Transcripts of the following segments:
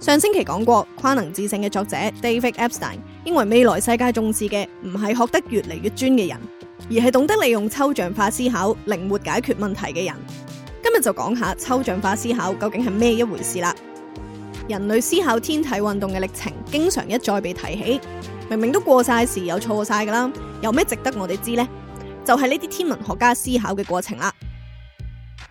上星期講過跨能致勝嘅作者 David Epstein，認為未來世界重視嘅唔係學得越嚟越專嘅人，而係懂得利用抽象化思考、靈活解決問題嘅人。今日就講下抽象化思考究竟係咩一回事啦。人類思考天體運動嘅歷程，經常一再被提起。明明都過晒時，有錯晒噶啦，有咩值得我哋知呢？就係呢啲天文學家思考嘅過程啦。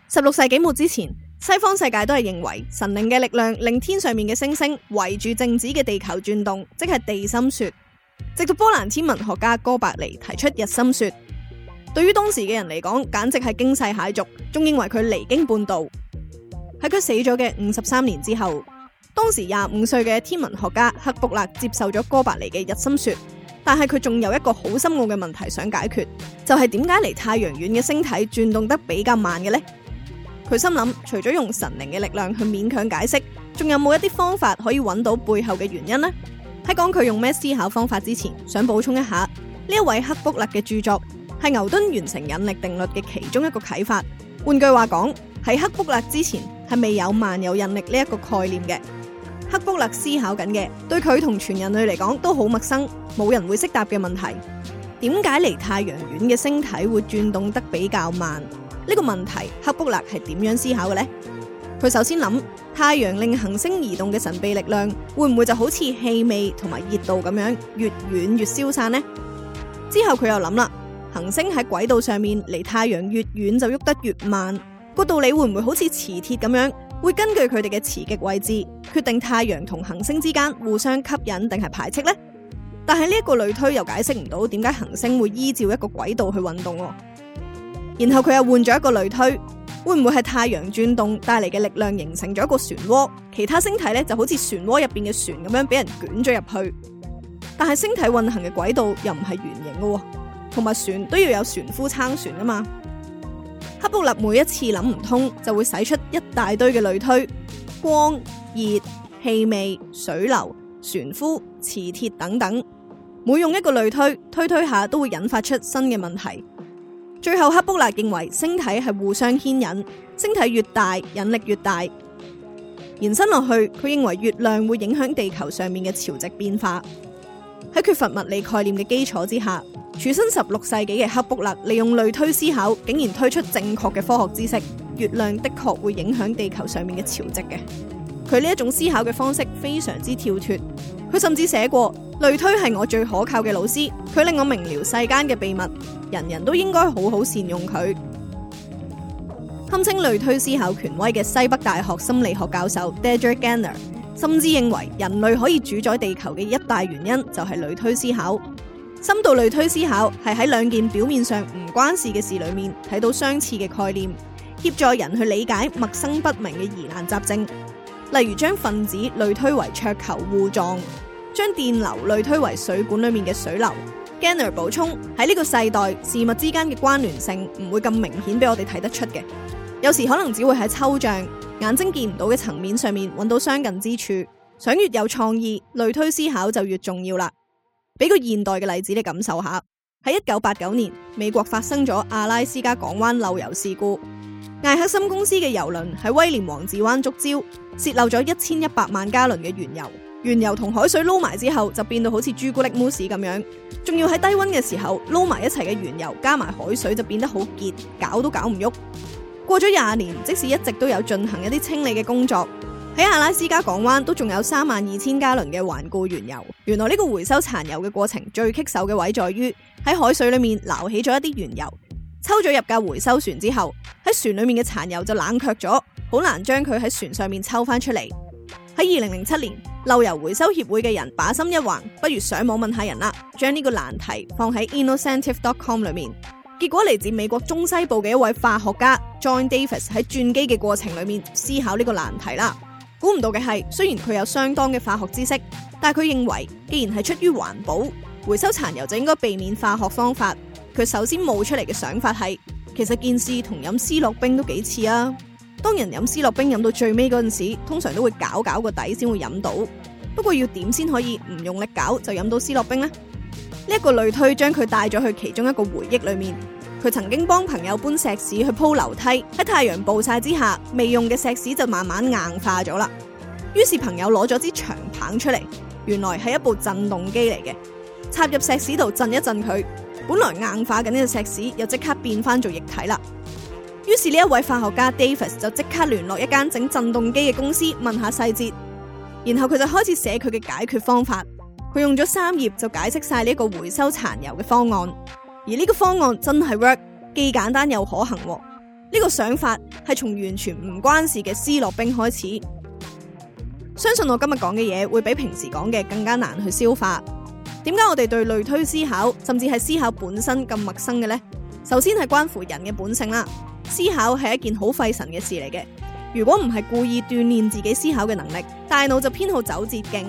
十六世紀末之前，西方世界都係認為神靈嘅力量令天上面嘅星星圍住靜止嘅地球轉動，即係地心說。直到波蘭天文學家哥白尼提出日心說，對於當時嘅人嚟講，簡直係驚世駭俗，仲認為佢離經叛道。喺佢死咗嘅五十三年之後，當時廿五歲嘅天文學家克卜勒接受咗哥白尼嘅日心說，但係佢仲有一個好深奧嘅問題想解決，就係點解離太陽遠嘅星體轉動得比較慢嘅呢？佢心諗，除咗用神靈嘅力量去勉強解釋，仲有冇一啲方法可以揾到背後嘅原因呢？喺講佢用咩思考方法之前，想補充一下，呢一位克卜勒嘅著作係牛頓完成引力定律嘅其中一個啟發。換句話講，喺克卜勒之前係未有萬有引力呢一個概念嘅。克卜勒思考緊嘅，對佢同全人類嚟講都好陌生，冇人會識答嘅問題：點解離太陽遠嘅星體會轉動得比較慢？呢個問題，克卜勒係點樣思考嘅呢？佢首先諗太陽令行星移動嘅神秘力量會唔會就好似氣味同埋熱度咁樣，越遠越消散呢？之後佢又諗啦，行星喺軌道上面離太陽越遠就喐得越慢，個道理會唔會好似磁鐵咁樣，會根據佢哋嘅磁極位置，決定太陽同行星之間互相吸引定係排斥呢？但係呢個類推又解釋唔到點解行星會依照一個軌道去運動喎？然後佢又換咗一個類推，會唔會係太陽轉動帶嚟嘅力量形成咗一個漩渦？其他星體咧就好似漩渦入邊嘅船咁樣，俾人捲咗入去。但係星體運行嘅軌道又唔係圓形嘅，同埋船都要有船夫撐船吖嘛。黑布勒每一次諗唔通，就會使出一大堆嘅類推，光、熱、氣味、水流、船夫、磁鐵等等。每用一個類推，推推下都會引發出新嘅問題。最後，克卜勒認為星體係互相牽引，星體越大，引力越大。延伸落去，佢認為月亮會影響地球上面嘅潮汐變化。喺缺乏物理概念嘅基礎之下，處身十六世紀嘅克卜勒利用類推思考，竟然推出正確嘅科學知識。月亮的確會影響地球上面嘅潮汐嘅。佢呢一種思考嘅方式非常之跳脱。佢甚至寫過，類推係我最可靠嘅老師，佢令我明了世間嘅秘密，人人都應該好好善用佢。堪稱類推思考權威嘅西北大學心理學教授 Deirdre Ganner 甚至認為人類可以主宰地球嘅一大原因就係類推思考。深度類推思考係喺兩件表面上唔關事嘅事裏面睇到相似嘅概念，協助人去理解陌生不明嘅疑難雜症。例如將分子類推為桌球互撞，將電流類推為水管裏面嘅水流。Gainer 補充，喺呢個世代，事物之間嘅關聯性唔會咁明顯俾我哋睇得出嘅，有時可能只會喺抽象、眼睛見唔到嘅層面上面揾到相近之處。想越有創意，類推思考就越重要啦。俾個現代嘅例子你感受下，喺一九八九年，美國發生咗阿拉斯加港灣漏油事故。艾克森公司嘅油輪喺威廉王子灣觸礁，泄漏咗一千一百萬加侖嘅原油。原油同海水撈埋之後，就變到好似朱古力慕斯咁樣，仲要喺低溫嘅時候撈埋一齊嘅原油加埋海水就變得好結，搞都搞唔喐。過咗廿年，即使一直都有進行一啲清理嘅工作，喺阿拉斯加港灣都仲有三萬二千加侖嘅頑固原油。原來呢個回收殘油嘅過程最棘手嘅位在於喺海水裏面撈起咗一啲原油。抽咗入架回收船之後，喺船裏面嘅殘油就冷卻咗，好難將佢喺船上面抽翻出嚟。喺二零零七年，漏油回收協會嘅人把心一橫，不如上網問下人啦，將呢個難題放喺 innocentive.com 裏面。結果嚟自美國中西部嘅一位化學家 John Davis 喺轉機嘅過程裏面思考呢個難題啦。估唔到嘅係，雖然佢有相當嘅化學知識，但係佢認為，既然係出於環保，回收殘油，就應該避免化學方法。佢首先冒出嚟嘅想法係，其實件事同飲思樂冰都幾似啊。當人飲思樂冰飲到最尾嗰陣時，通常都會攪攪個底先會飲到。不過要點先可以唔用力攪就飲到思樂冰呢？呢、呢、一個類推將佢帶咗去其中一個回憶裏面，佢曾經幫朋友搬石屎去鋪樓梯，喺太陽暴曬之下，未用嘅石屎就慢慢硬化咗啦。於是朋友攞咗支長棒出嚟，原來係一部震動機嚟嘅，插入石屎度震一震佢。本來硬化緊呢個石屎，又即刻變翻做液體啦。於是呢一位化學家 Davis 就即刻聯絡一間整振動機嘅公司問下細節，然後佢就開始寫佢嘅解決方法。佢用咗三頁就解釋晒呢個回收殘油嘅方案，而呢個方案真係 work，既簡單又可行。呢個想法係從完全唔關事嘅斯諾冰開始。相信我今日講嘅嘢會比平時講嘅更加難去消化。點解我哋對類推思考，甚至係思考本身咁陌生嘅呢？首先係關乎人嘅本性啦。思考係一件好費神嘅事嚟嘅。如果唔係故意鍛煉自己思考嘅能力，大腦就偏好走捷徑。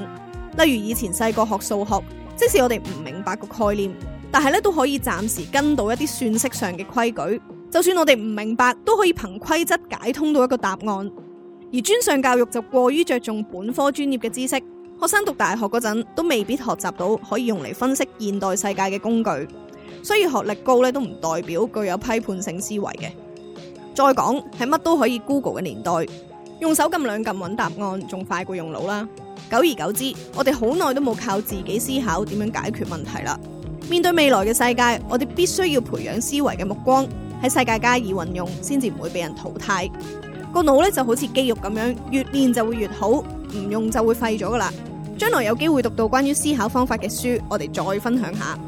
例如以前細個學數學，即使我哋唔明白個概念，但係呢都可以暫時跟到一啲算式上嘅規矩。就算我哋唔明白，都可以憑規則解通到一個答案。而專上教育就過於着重本科專業嘅知識。學生讀大學嗰陣都未必學習到可以用嚟分析現代世界嘅工具，所以學歷高咧都唔代表具有批判性思維嘅。再講係乜都可以 Google 嘅年代，用手撳兩撳揾答案仲快過用腦啦。久而久之，我哋好耐都冇靠自己思考點樣解決問題啦。面對未來嘅世界，我哋必須要培養思維嘅目光喺世界加以運用，先至唔會被人淘汰。個腦咧就好似肌肉咁樣，越練就會越好，唔用就會廢咗噶啦。將來有機會讀到關於思考方法嘅書，我哋再分享下。